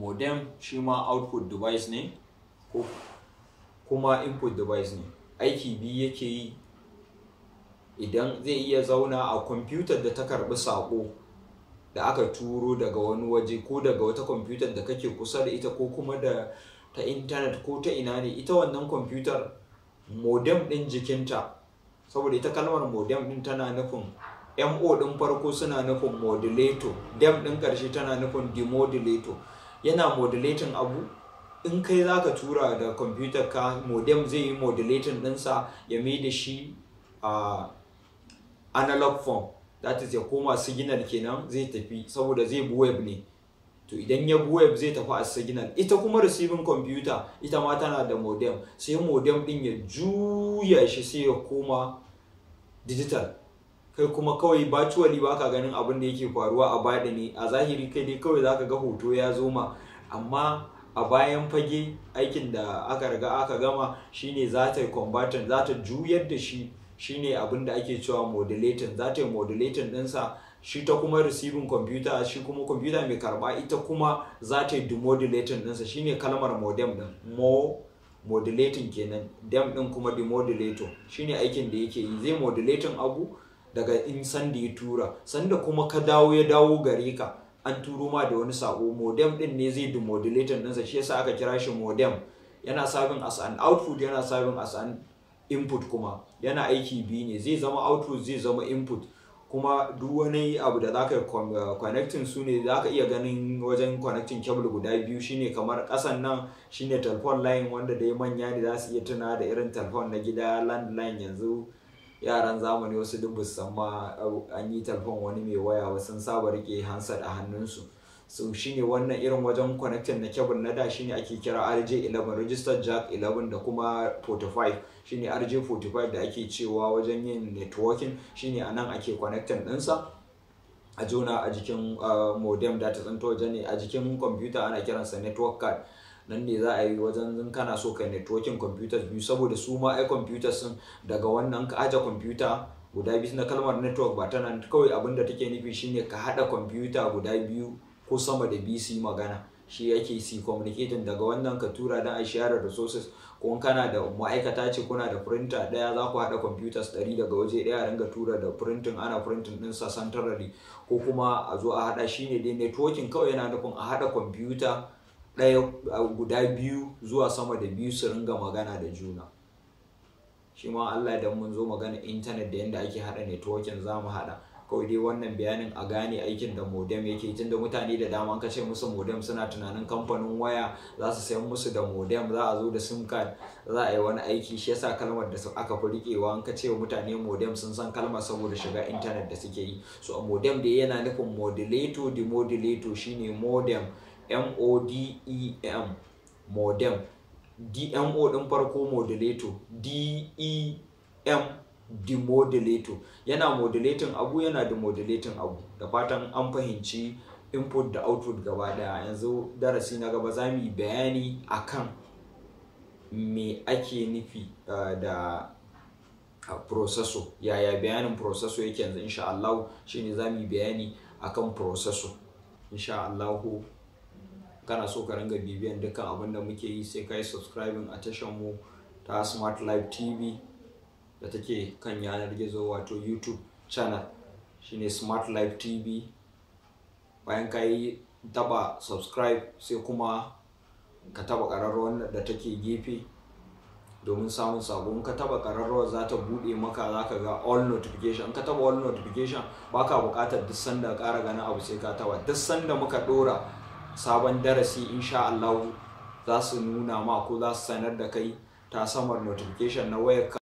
modem shi ma output device ne ko kuma input device ne aiki biyu yake yi idan zai iya zauna a computer da ta karbi sako da aka turo daga wani waje ko daga wata computer da kake kusa da ita ko kuma da ta intanet ko ta ina ne ita wannan computer modem din jikinta saboda ita kalmar modem din tana nufin mo din farko suna nufin modulator dem din karshe tana nufin demodulator yana modulating abu in kai za ka tura da kwamfutar ka modem zai yi modulating ɗinsa ya mai da shi a analog form that is ya koma signal kenan zai tafi saboda zai bi web ne to idan ya bi web zai tafi a signal ita kuma receiving computer ita ma tana da modem sai modem ɗin ya juya shi sai ya koma digital kai kuma kawai virtually ba ka ganin abin da yake faruwa a bada ne a zahiri kai ne kawai za ka ga hoto ya zo ma amma a bayan fage aikin da aka riga aka gama shine za ta yi combatant za ta juyar da shi shine abin da ake cewa modulating za ta yi modulating ɗinsa shi ta kuma receiving computer shi kuma computer mai karba ita kuma za ta yi demodulating ɗinsa shine kalmar modem ɗin mo modulating kenan dem ɗin kuma demodulator shine aikin da yake yi zai modulating abu daga in sanda ya tura sanda kuma ka dawo ya dawo gare ka an turo ma da wani sako modem din ne zai din sa shi yasa aka kira shi modem yana sabin as an output yana sabin as an input kuma yana aiki biyu ne zai zama output zai zama input kuma duk wani abu da zaka eh, connecting su ne zaka iya ganin wajen connecting cable guda biyu shine kamar kasan nan shine telephone line wanda dai manya ne za su iya tuna da irin telephone na gida landline yanzu yaran zamani wasu duk ba san ma an yi talfon wani mai waya ba sun saba rike hansa a hannunsu so shine wannan irin wajen connection na kebul na da shine ake kira RJ11 registered jack 11 da kuma 45 shine RJ45 da ake cewa wajen yin networking shine anan ake connecting dinsa a juna a jikin ah, modem data ta tsanto wajen ne a jikin kwamfuta ana kiransa network card nan ne za a yi wajen in kana so kai networking computers biyu saboda su ma ai computers sun daga wannan ka aje computer guda biyu na kalmar network ba tana kawai abin da take nufi shine ka hada computer guda biyu ko sama da bc magana shi yake si communicating daga wannan ka tura dan a share resources ko kana da ma'aikata ce kuna da printer daya za ku haɗa computers ɗari daga waje ɗaya ringa tura da printing ana printing din sa centrally ko kuma a zo a hada shine dai networking kawai yana nufin a hada computer ɗaya guda biyu zuwa sama da biyu su ringa magana da juna shi ma Allah idan mun zo magana intanet da yadda ake haɗa netwokin za mu haɗa kawai dai wannan bayanin a gane aikin da modem yake da mutane da dama ka ce musu modem suna tunanin kamfanin waya za su sayan musu da modem za a zo da sim card za a yi wani aiki shi yasa kalmar da aka fi rikewa an ka ce mutane modem sun san kalmar saboda shiga intanet da suke yi so a modem da yana nufin modulator demodulator shine modem E modem modem dmo ɗin farko modulator dem demodulator yana modulating abu yana demodulating abu da fatan an fahimci input da output gaba daya yanzu darasi na gaba za mu bayani akan me ake nufi eh, da processor yaya bayanin processor yake yanzu insha Allah shine za mu bayani akan processor insha Allah kana so ka ringa bibiyan dukkan abin da muke yi sai ka yi subscribing a tashan mu ta smart live tv da take kan yanar gizo wato youtube channel shine smart live tv bayan ka yi taba subscribe sai kuma ka taba ƙararrawar da take gefe domin samun sabon ka taba ƙararrawar za ta buɗe maka za ka ga all notification ka taba all notification baka bukatar duk sanda ƙara ganin abu sai ka taba duk sanda muka ɗora sabon darasi insha Allah za su nuna ma ko za su sanar da kai ta samar notification na wayarka